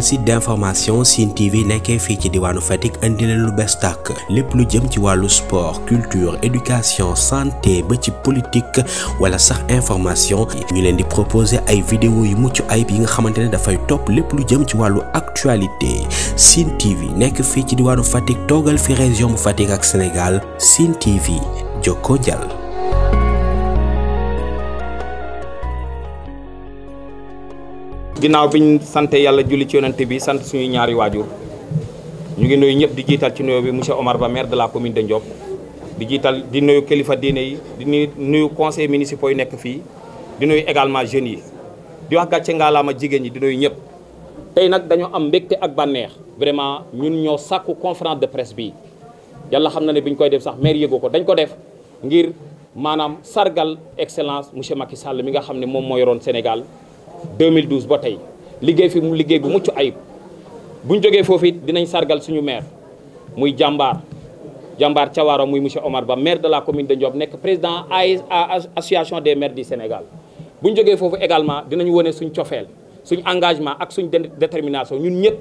site d'information sin TV qu'un fichier ci diwanu Fatick andi leen lu bees tàkk plus lu jëm ci sport culture éducation santé ba ci politique wala sax information ñu leen di proposer ay vidéo yu muccu ay bi nga xamantene le top top plus lu jëm ci walu actualité sin TV nek fichier ci diwanu Fatick togal fi région bu ak Sénégal TV joko ginaaw biñ santé yalla julli ci yonenté bi sant suñu ñaari wajur ñu ngi nuyu ñëpp di jital ci nuyoo bi monsieur Omar Ba maire de la commune de Ndiop di jital di nuyu kalifa diiné yi di nuyu conseil municipal yu nekk fi di nuyu également jeune yi di wax gàcce ngaalaama jigéñ yi di nuyu ñëpp tay nak dañu am mbékté ak banéx vraiment ñun ñoo sakku conférence de presse bi yalla xamna né biñ koy def sax maire yëgoo ko dañ ko def ngir manam sargal excellence monsieur Macky Sall mi nga xamné mom moom yoron Sénégal 2012 ba tey liggéey fi mu liggéey bu mucc ayib buñ jógee foofu it dinañ sargal suñu maire muy jàmbaar jàmbaar Thiawara muy monsieur Omar Ba maire de la commune de Ndiob nekk président association de maires di Sénégal bu buñ jógee foofu également dinañ wone suñ cofeel suñ engagement ak suñ détermination ñun ñëpp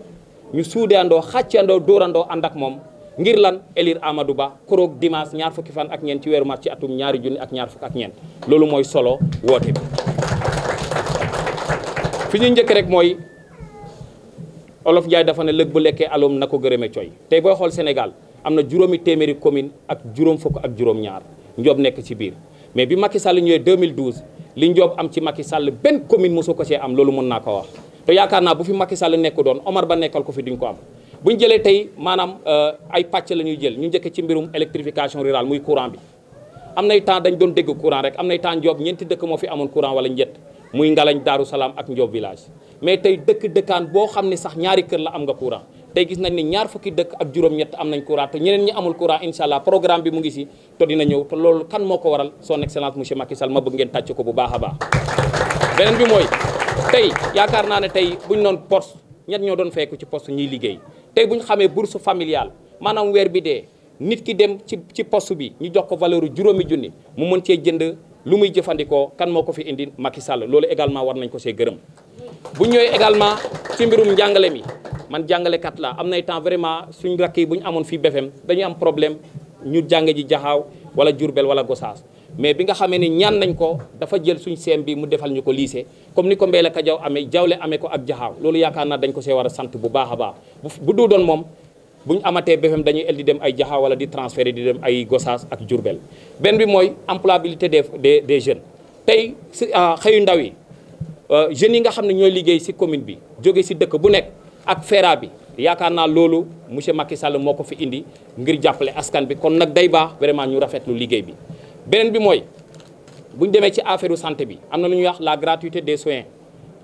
ñu suudeandoo xàcceandoo dóorandoo ànd ak moom ngir lan élire Amadou Ba koroog dimanche ñaar fukki fan ak ñeent ci weeru mars atum ñaari junni ak ñaar fukk ak ñeent loolu mooy solo woote fi ñuy njëkk rek mooy olof Njaay dafa ne lëg bu lekkee alom na ko gërëme coy tey boo xool Sénégal am na juróomi téeméeri commune ak juróom fukk ak juróom-ñaar Ndiob nekk ci biir mais bi Macky Sall ñëwee 2012 li Ndiob am ci Macky Sall benn commune mosu ko see am loolu mën naa ko wax te yaakaar naa bu fi Macky Sall nekk doon Omar Ba nekkal ko fi duñ ko am bu ñu tey maanaam euh, ay pàcc la ñuy jël ñu njëkk ci mbirum électrification rural muy courant bi am nay temps dañ doon dégg courant rek am nay temps Ndiob ñeenti dëkk moo fi amoon courant wala ñett muy Ngalañ Daaru Salaam ak Ndiob village mais tey dëkk dëkkaan boo xam ne sax ñaari kër la am nga courant tey gis nañ ni ñaar fukki dëkk ak juróom-ñett am nañ courant te ñeneen ñi amul courant incha allah programme bi mu ngi si te dina ñëw te loolu kan moo ko waral son excellence monsieur Macky Sall ma bëgg ngeen tàcc ko bu baax a baax. beneen bi mooy tey yaakaar naa ne tey bu ñu noon poste ñett ñoo doon fekku ci poste ñuy liggéey tey buñ xamee bourse familiale maanaam weer bi dee nit ki dem ci ci poste bi ñu jox ko valeur juróomi junni mu mën cee jënd. lu muy jëfandikoo kan moo ko fi indi Macky Sall loolu également war nañ ko see gërëm bu ñëwee également ci mbirum njàngale mi man jàngalekat la am nay temps vraiment suñ rakk yi bu ñu amoon fii BFM dañu am problème ñu jàng ji jaxaaw wala Diourbel wala Gossas mais bi nga xamee ni ñaan nañ ko dafa jël suñ seem bi mu defal ñu ko lycée comme ni ko Mbéla Kajaw amee jawle amee ko ak jaxaaw loolu yaakaar naa dañ ko see war a sant bu baax a baax bu du doon moom bu ñu amatee BFM dañuy el di dem ay Jaxa wala di transféré di dem ay Gossas ak Diourbel benn bi mooy employabilité des des des jeunes tey si ah, xëyu ndaw yi euh, jeunes yi nga xam ne ñooy liggéey si commune bi jóge si dëkk bu nekk ak FERA bi yaakaar naa loolu monsieur Macky Sall moo ko fi indi ngir jàppale askan bi kon nag day baax vraiment ñu lu liggéey bi beneen bi mooy bu ñu demee ci affaire santé bi am na lu ñu wax la gratuité des soins.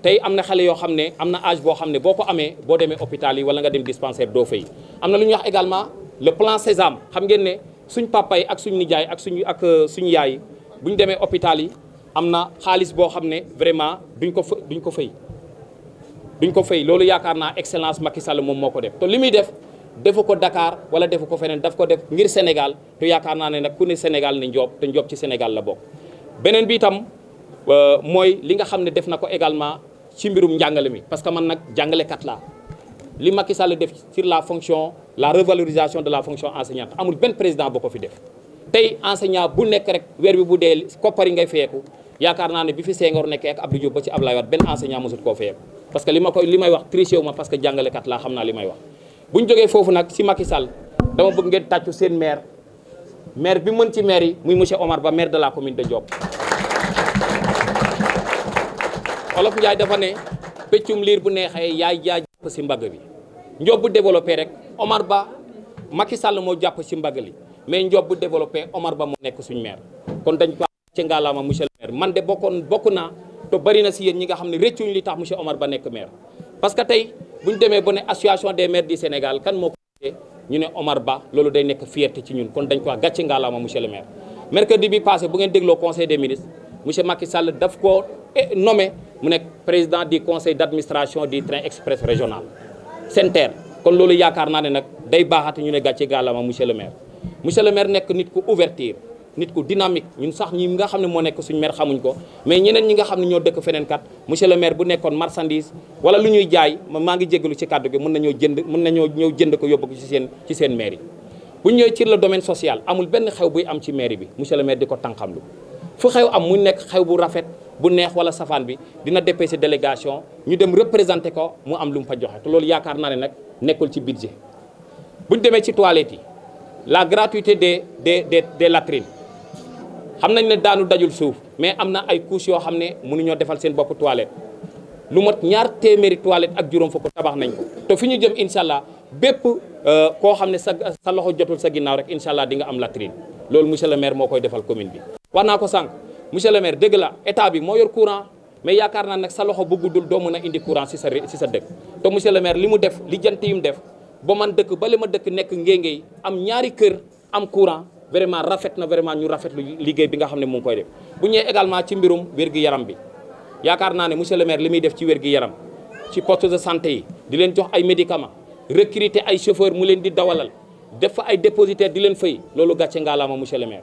tay amna xalé yo xamné amna âge bo xamné dem dispensaire fay Amna également le plan Sésame xam ngeen ne papa yi ak suñ nijaay ak suñu ak euh, suñu yaay bu démé hôpital yi am bo vraiment duñ ko duñ ko fay duñ ko fay excellence Macky Sall def Dakar wala ko Sénégal to yakarna né nak ci Sénégal la Euh, mooy li nga xam ne def na ko également ci mbirum njàngale mi parce que man nag jàngalekat laa li Macky Sall def sur la fonction la revalorisation de la fonction enseignante amul benn président boo ko fi def tey enseignant bu nekk rek weer bi bu dee koppari ngay feyeku yaakaar naa ne bi fi Senghor nekkee ak Abdou Diop ba ci Abdoulaye Wade benn enseignant mosut koo feyeku parce que li ma koy li may wax triché wu ma parce que jàngalekat laa xam naa li may wax bu bi mën ci maire yi muy monsieur Omar Ba maire de la commune de olof Njaay dafa ne pëccum liir bu neexee yaay yaa jàpp si mbagg bi Ndiob bu développé rek Omar Ba Macky Sall moo jàpp si mbagg li mais Ndiob bu développé Omar Ba moo nekk suñ maire kon dañ ko ci man de bokk naa te bari na si nga xam ne réccuñu li tax monsieur Omar Ba nekk maire parce que tey bu ñu demee ba ne association des maires du Sénégal kan moo ko ñu ci ñun kon dañ ko wax gàcce ngalaama monsieur le maire bi passé bu ngeen dégloo conseil des ministres monsieur Macky Sall daf ko eh, nommé mu président du conseil d'administration du train express régional SENTER kon loolu yaakaar naa nak day baaxati ñu ne gatché galama monsieur le maire monsieur le maire nek nit ko ouverture nit ko dynamique ñun sax ñi nga xam mo nek suñu maire xamuñ ko mais ñeneen ñi nga xam ño dekk fenen kat monsieur le maire bu nekkoon marchandise wala lu ñuy jaay ma maa ngi jégalu ci cadeau gi mën nañu jënd mën nañu ñew jënd ko yobbu ko ci seen ci seen maire yi bu ñëwee ci le domaine social amul ben xew buy am ci mairie bi monsieur le maire diko ko tànqamlu fu xew am mu nekk xew bu rafet bu neex wala safaan bi dina dépêché délégation ñu dem représenter ko mu am lu mu fa joxe te loolu yaakaar na ne nak nekkul ci budget buñ démé ci toilettes la gratuité des des des des latrines xamnañ né daanu dajul suuf mais amna ay couches yo xamné mënu ñu défal seen bop toilette lu mot ñaar téeméeri toilette ak juróom fukk tabax nañ ko te fiñu jëm inshallah bép bépp euh, koo xam sa sa loxo jotul sa ginnaw rek inshallah di nga am latrine loolu monsieur le maire moo koy defal commune bi. wax naa ko sànq monsieur le maire dëgg la état bi moo yor courant mais yaakaar naa ne sa loxo bu guddul doo na a indi courant si sa si sa dëkk te le maire li mu def li jant mu def ba man dëkk ba li ma dëkk nekk ngéngéy am ñaari kër am courant vraiment rafet na vraiment ñu rafet lu liggéey bi nga xam ne mu ngi koy def bu ñëwee également ci mbirum wér-gi-yaram bi yaakaar naa ne monsieur le maire li muy def ci wér-gi-yaram ci poste de santé yi di leen jox ay médicaments recruter ay chauffeurs mu leen di dawalal def fa ay dépositaires di leen fay loolu gàcce ngaalaama monsieur le maire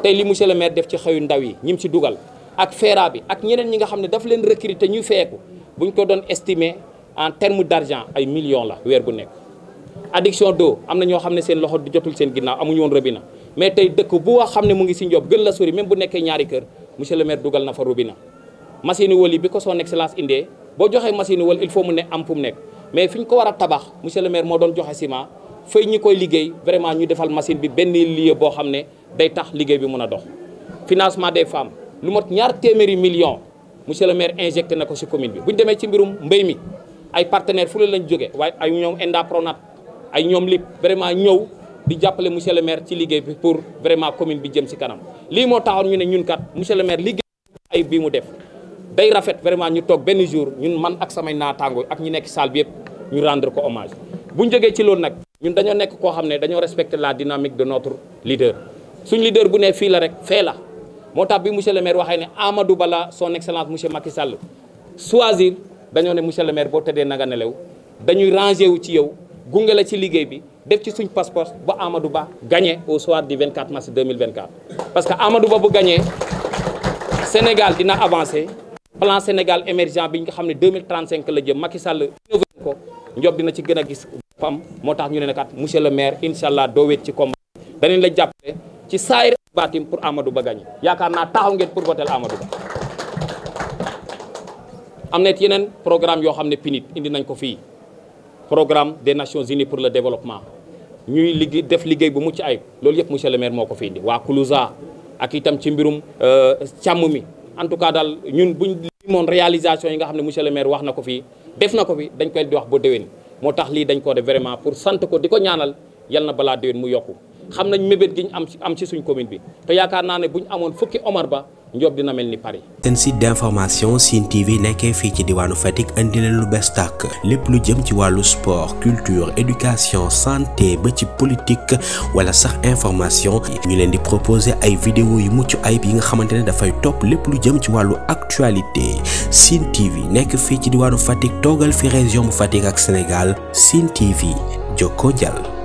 tey li monsieur le maire def ci xëyu ndaw yi ñi mu si dugal ak FERA ak ñeneen ñi nga xam ne dafa leen recruter ñu feeku bu ñu ko doon estimer en terme d' argent ay millions la weer bu nekk. addiction d'eau am na ñoo xam ne seen loxo di jotul seen ginnaaw amuñu woon robinet mais tey dëkk bu wax xam ne mu ngi si njob gën la sori même bu nekkee ñaari kër monsieur le maire dugal na fa robinet. machine wal yi bi ko son excellence indee boo joxee machine wal il faut mu ne am fu mu nekk mais fi ko war a tabax monsieur le maire moo doon joxe ciment. fay ñi koy liggéey vraiment ñu defal machine bi benn lieu boo xam ne day tax liggéey bi mën a dox financement des femmes lu mot ñaar téeméeri million monsieur le maire injecté na ko ci commune bi bu ñu demee ci mbirum mbéy mi ay partenaires fu la lañ jógee waaye ay ñoom ENDA Pronat ay ñoom lip vraiment ñëw di jàppale monsieur le maire ci liggéey bi pour vraiment commune bi jëm ci kanam lii moo taxoon ñu ne ñun kat monsieur le maire liggéey ay bii mu def day rafet vraiment ñu toog benn jour ñun man ak samay naataangoo ak ñu nekk salle bi yëpp ñu rendre ko hommage bu ñu jógee ci loolu nag ñun dañoo nekk koo xam ne dañoo respecter la dynamique de notre leader suñ leader bu ne fii la rek fee la moo tax bi monsieur le maire waxee ne amadu Ba la son excellence monsieur Macky Sall choisir dañoo ne monsieur le maire boo tëddee nanga nelew dañuy ranger wu ci yow gunge la ci liggéey bi def ci suñ passeport ba amadu Ba gagné au soir du 24 mars 2024. parce que Amadou Ba bu gagné Sénégal dina avancé plan Sénégal émergent bi nga xam ne 2035 la jëm Macky Sall ko njob dina ci gën a gis. PAM moo tax ñu ne kat monsieur le maire incha allah doo wéet ci combat danañ la jàppale ci saayir baatim pour Amadou Ba gagné yaakaar naa taxaw ngeen pour voter Amadou Ba am na it yeneen programme yoo xam ne PNUD indi nañ ko fii programme de Nations uni pour le développement ñuy liggéey def liggéey bu mucc ay loolu yëpp monsieur le maire moo ko fi indi waa Kuluza ak itam ci mbirum euh, càmm mi en tout cas daal ñun buñ limoon réalisation yi nga xam ne monsieur le maire wax na ko fii def na ko fi dañ koy di wax ba déwén moo tax lii dañ ko de vraiment pour sant ko di ko ñaanal yal na balaa déwén mu yokku xam nañ mébét gi ñu am ci am ci suñ commune bi te yaakaar naa ne bu ñu amoon fukki Omar Ba Ndiob dina melni Paris. site d'information Sine TV nek fi ci diwanu fatik andi leen lu bestak tàkk lu jëm ci walu sport culture éducation santé ba ci politique wala sax information ñu len di proposer ay vidéo yu muccu ay bi nga xamantene da fay top lepp lu jëm ci walu actualité Sine TV nek fi ci diwanu fatik togal fi région bu fatik ak Sénégal Sine TV joko jàll.